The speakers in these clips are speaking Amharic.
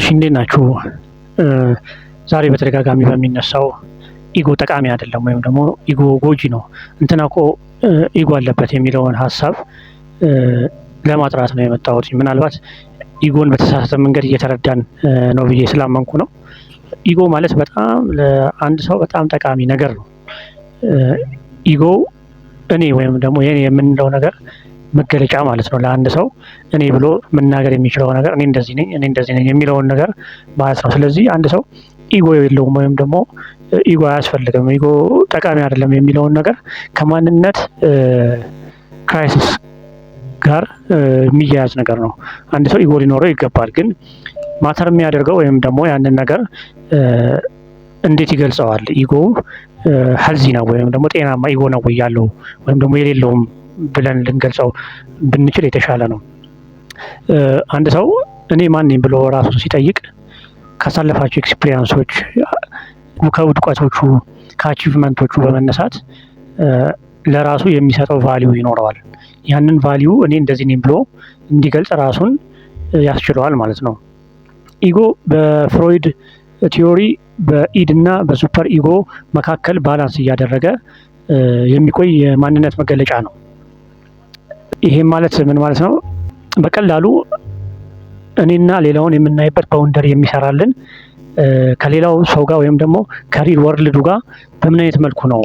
እሺ እንዴት ናችሁ? ዛሬ በተደጋጋሚ በሚነሳው ኢጎ ጠቃሚ አይደለም ወይም ደግሞ ኢጎ ጎጂ ነው፣ እንትና እኮ ኢጎ አለበት የሚለውን ሀሳብ ለማጥራት ነው የመጣሁት። ምናልባት ኢጎን በተሳሳተ መንገድ እየተረዳን ነው ብዬ ስላመንኩ ነው። ኢጎ ማለት በጣም ለአንድ ሰው በጣም ጠቃሚ ነገር ነው። ኢጎ እኔ ወይም ደግሞ የኔ የምንለው ነገር መገለጫ ማለት ነው። ለአንድ ሰው እኔ ብሎ መናገር የሚችለው ነገር እኔ እንደዚህ ነኝ፣ እኔ እንደዚህ ነኝ የሚለውን ነገር ማለት ነው። ስለዚህ አንድ ሰው ኢጎ የለውም ወይም ደግሞ ኢጎ አያስፈልግም፣ ኢጎ ጠቃሚ አይደለም የሚለውን ነገር ከማንነት ክራይሲስ ጋር የሚያያዝ ነገር ነው። አንድ ሰው ኢጎ ሊኖረው ይገባል። ግን ማተር የሚያደርገው ወይም ደግሞ ያንን ነገር እንዴት ይገልጸዋል? ኢጎ ሀልዚ ነው ወይም ደግሞ ጤናማ ኢጎ ነው ያለው ወይም ደግሞ የሌለውም ብለን ልንገልጸው ብንችል የተሻለ ነው። አንድ ሰው እኔ ማን ነኝ ብሎ ራሱን ሲጠይቅ ካሳለፋቸው ኤክስፒሪያንሶች፣ ከውድቀቶቹ፣ ከአቺቭመንቶቹ በመነሳት ለራሱ የሚሰጠው ቫሊዩ ይኖረዋል። ያንን ቫሊዩ እኔ እንደዚህ ነኝ ብሎ እንዲገልጽ ራሱን ያስችለዋል ማለት ነው። ኢጎ በፍሮይድ ቲዮሪ በኢድ እና በሱፐር ኢጎ መካከል ባላንስ እያደረገ የሚቆይ የማንነት መገለጫ ነው። ይሄ ማለት ምን ማለት ነው? በቀላሉ እኔና ሌላውን የምናይበት ባውንደሪ የሚሰራልን ከሌላው ሰው ጋር ወይም ደግሞ ከሪል ወርልዱ ጋር በምን አይነት መልኩ ነው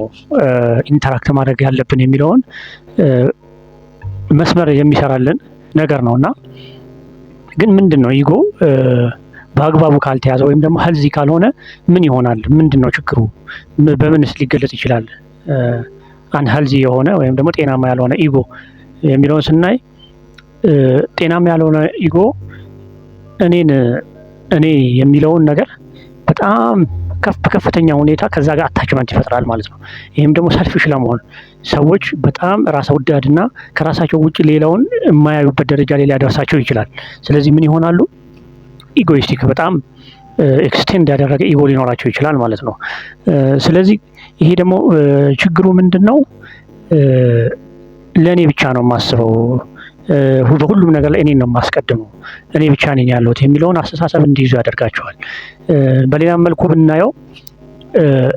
ኢንተራክት ማድረግ ያለብን የሚለውን መስመር የሚሰራልን ነገር ነው እና ግን ምንድን ነው ኢጎ በአግባቡ ካልተያዘ ወይም ደግሞ ሄልዚ ካልሆነ ምን ይሆናል? ምንድን ነው ችግሩ? በምንስ ሊገለጽ ይችላል? አንድ የሆነ ወይም ደግሞ ጤናማ ያልሆነ ኢጎ የሚለውን ስናይ ጤናም ያልሆነ ኢጎ እኔን እኔ የሚለውን ነገር በጣም ከፍ በከፍተኛ ሁኔታ ከዛ ጋር አታችመንት ይፈጥራል ማለት ነው። ይህም ደግሞ ሰልፊሽ ለመሆን ሰዎች በጣም ራስ ወዳድና ከራሳቸው ውጭ ሌላውን የማያዩበት ደረጃ ላይ ሊያደርሳቸው ይችላል። ስለዚህ ምን ይሆናሉ? ኢጎይስቲክ በጣም ኤክስቴንድ ያደረገ ኢጎ ሊኖራቸው ይችላል ማለት ነው። ስለዚህ ይሄ ደግሞ ችግሩ ምንድን ነው? ለእኔ ብቻ ነው የማስበው በሁሉም ነገር ላይ እኔን ነው የማስቀድመው፣ እኔ ብቻ ነኝ ያለሁት የሚለውን አስተሳሰብ እንዲይዙ ያደርጋቸዋል። በሌላም መልኩ ብናየው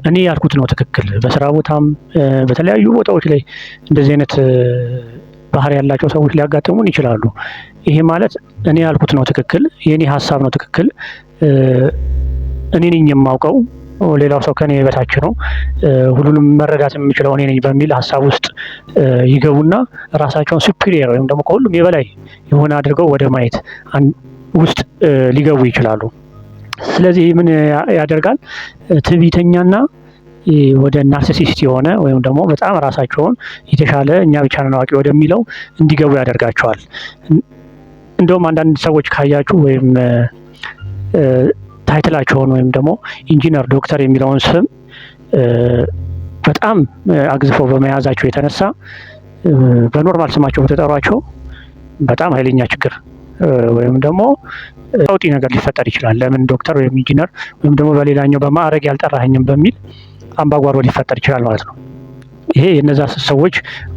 እኔ ያልኩት ነው ትክክል። በስራ ቦታም በተለያዩ ቦታዎች ላይ እንደዚህ አይነት ባህሪ ያላቸው ሰዎች ሊያጋጥሙን ይችላሉ። ይሄ ማለት እኔ ያልኩት ነው ትክክል፣ የእኔ ሀሳብ ነው ትክክል፣ እኔ ነኝ የማውቀው ሌላው ሰው ከኔ በታች ነው፣ ሁሉንም መረዳት የምችለው እኔ ነኝ በሚል ሀሳብ ውስጥ ይገቡና ራሳቸውን ሱፒሪየር ወይም ደግሞ ከሁሉም የበላይ የሆነ አድርገው ወደ ማየት ውስጥ ሊገቡ ይችላሉ። ስለዚህ ምን ያደርጋል? ትዕቢተኛና ወደ ናርሲሲስት የሆነ ወይም ደግሞ በጣም ራሳቸውን የተሻለ እኛ ብቻ ነን አዋቂ ወደሚለው እንዲገቡ ያደርጋቸዋል። እንደውም አንዳንድ ሰዎች ካያችሁ ወይም ታይትላቸውን ወይም ደግሞ ኢንጂነር ዶክተር የሚለውን ስም በጣም አግዝፈው በመያዛቸው የተነሳ በኖርማል ስማቸው በተጠሯቸው በጣም ኃይለኛ ችግር ወይም ደግሞ ለውጢ ነገር ሊፈጠር ይችላል። ለምን ዶክተር ወይም ኢንጂነር ወይም ደግሞ በሌላኛው በማዕረግ ያልጠራኸኝም በሚል አምባጓሮ ሊፈጠር ይችላል ማለት ነው። ይሄ የነዛ ሰዎች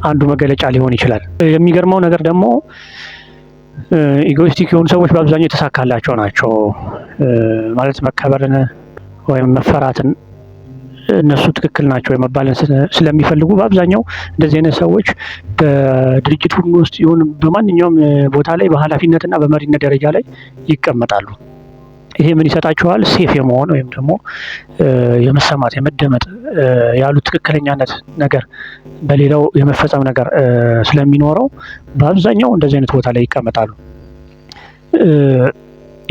አንዱ መገለጫ ሊሆን ይችላል። የሚገርመው ነገር ደግሞ ኢጎይስቲክ የሆኑ ሰዎች በአብዛኛው የተሳካላቸው ናቸው። ማለት መከበርን ወይም መፈራትን እነሱ ትክክል ናቸው የመባልን ስለሚፈልጉ በአብዛኛው እንደዚህ አይነት ሰዎች በድርጅቱ ውስጥ ይሁን በማንኛውም ቦታ ላይ በኃላፊነትና በመሪነት ደረጃ ላይ ይቀመጣሉ። ይሄ ምን ይሰጣችኋል? ሴፍ የመሆን ወይም ደግሞ የመሰማት የመደመጥ ያሉት ትክክለኛነት ነገር በሌላው የመፈጸም ነገር ስለሚኖረው በአብዛኛው እንደዚህ አይነት ቦታ ላይ ይቀመጣሉ።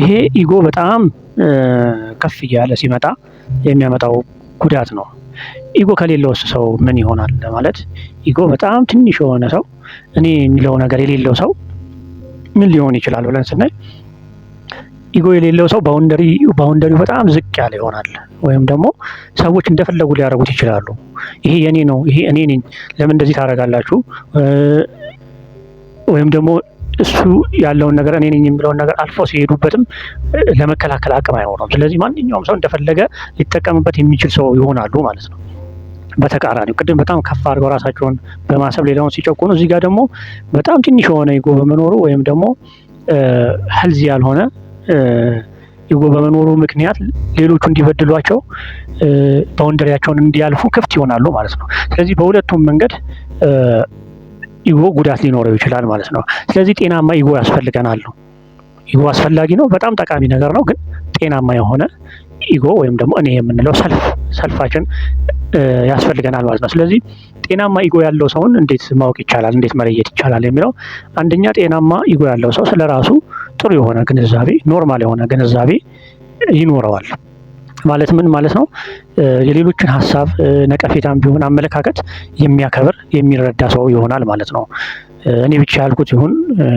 ይሄ ኢጎ በጣም ከፍ እያለ ሲመጣ የሚያመጣው ጉዳት ነው። ኢጎ ከሌለውስ ሰው ምን ይሆናል ለማለት፣ ኢጎ በጣም ትንሽ የሆነ ሰው እኔ የሚለው ነገር የሌለው ሰው ምን ሊሆን ይችላል ብለን ስናይ ኢጎ የሌለው ሰው ባውንደሪ ባውንደሪው በጣም ዝቅ ያለ ይሆናል። ወይም ደግሞ ሰዎች እንደፈለጉ ሊያደርጉት ይችላሉ። ይሄ የኔ ነው፣ ይሄ እኔ ነኝ፣ ለምን እንደዚህ ታደርጋላችሁ? ወይም ደግሞ እሱ ያለውን ነገር እኔ ነኝ የሚለውን ነገር አልፎ ሲሄዱበትም ለመከላከል አቅም አይሆኑም። ስለዚህ ማንኛውም ሰው እንደፈለገ ሊጠቀምበት የሚችል ሰው ይሆናሉ ማለት ነው። በተቃራኒው ቅድም በጣም ከፍ አድርገው ራሳቸውን በማሰብ ሌላውን ሲጨቁኑ፣ እዚህ ጋር ደግሞ በጣም ትንሽ የሆነ ኢጎ በመኖሩ ወይም ደግሞ ህልዚ ያልሆነ በመኖሩ ምክንያት ሌሎቹ እንዲበድሏቸው ባውንደሪያቸውን እንዲያልፉ ክፍት ይሆናሉ ማለት ነው። ስለዚህ በሁለቱም መንገድ ኢጎ ጉዳት ሊኖረው ይችላል ማለት ነው። ስለዚህ ጤናማ ኢጎ ያስፈልገናል ነው። ኢጎ አስፈላጊ ነው፣ በጣም ጠቃሚ ነገር ነው። ግን ጤናማ የሆነ ኢጎ ወይም ደግሞ እኔ የምንለው ሰልፍ ሰልፋችን ያስፈልገናል ማለት ነው። ስለዚህ ጤናማ ኢጎ ያለው ሰውን እንዴት ማወቅ ይቻላል፣ እንዴት መለየት ይቻላል የሚለው አንደኛ ጤናማ ኢጎ ያለው ሰው ስለ ራሱ ጥሩ የሆነ ግንዛቤ ኖርማል የሆነ ግንዛቤ ይኖረዋል። ማለት ምን ማለት ነው? የሌሎችን ሀሳብ ነቀፌታም ቢሆን አመለካከት የሚያከብር የሚረዳ ሰው ይሆናል ማለት ነው። እኔ ብቻ ያልኩት ይሁን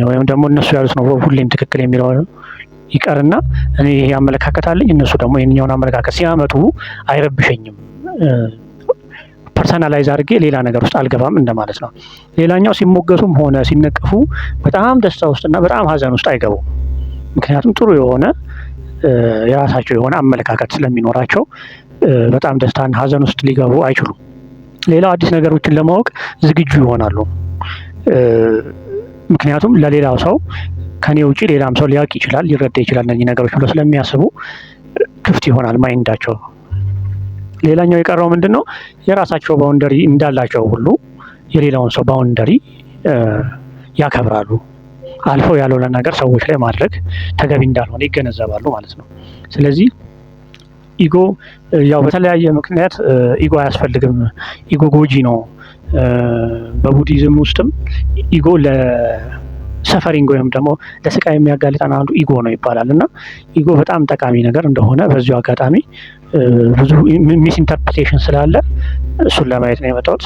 ወይም ደግሞ እነሱ ያሉት ነው ሁሌም ትክክል የሚለው ይቀርና እኔ ይሄ አመለካከት አለኝ እነሱ ደግሞ ይህኛውን አመለካከት ሲያመጡ አይረብሸኝም ፐርሰናላይዝ አድርጌ ሌላ ነገር ውስጥ አልገባም እንደማለት ነው። ሌላኛው ሲሞገሱም ሆነ ሲነቀፉ በጣም ደስታ ውስጥና በጣም ሀዘን ውስጥ አይገቡም። ምክንያቱም ጥሩ የሆነ የራሳቸው የሆነ አመለካከት ስለሚኖራቸው በጣም ደስታና ሀዘን ውስጥ ሊገቡ አይችሉም። ሌላው አዲስ ነገሮችን ለማወቅ ዝግጁ ይሆናሉ። ምክንያቱም ለሌላው ሰው ከኔ ውጭ ሌላም ሰው ሊያውቅ ይችላል፣ ሊረዳ ይችላል እነዚህ ነገሮች ብሎ ስለሚያስቡ ክፍት ይሆናል ማይንዳቸው። ሌላኛው የቀረው ምንድን ነው? የራሳቸው ባውንደሪ እንዳላቸው ሁሉ የሌላውን ሰው ባውንደሪ ያከብራሉ። አልፎ ያልሆነ ነገር ሰዎች ላይ ማድረግ ተገቢ እንዳልሆነ ይገነዘባሉ ማለት ነው። ስለዚህ ኢጎ ያው በተለያየ ምክንያት ኢጎ አያስፈልግም፣ ኢጎ ጎጂ ነው። በቡዲዝም ውስጥም ኢጎ ለሰፈሪንግ ወይም ደግሞ ለስቃይ የሚያጋልጠን አንዱ ኢጎ ነው ይባላል እና ኢጎ በጣም ጠቃሚ ነገር እንደሆነ በዚሁ አጋጣሚ ብዙ ሚስ ኢንተርፕሬቴሽን ስላለ እሱን ለማየት ነው የመጣሁት።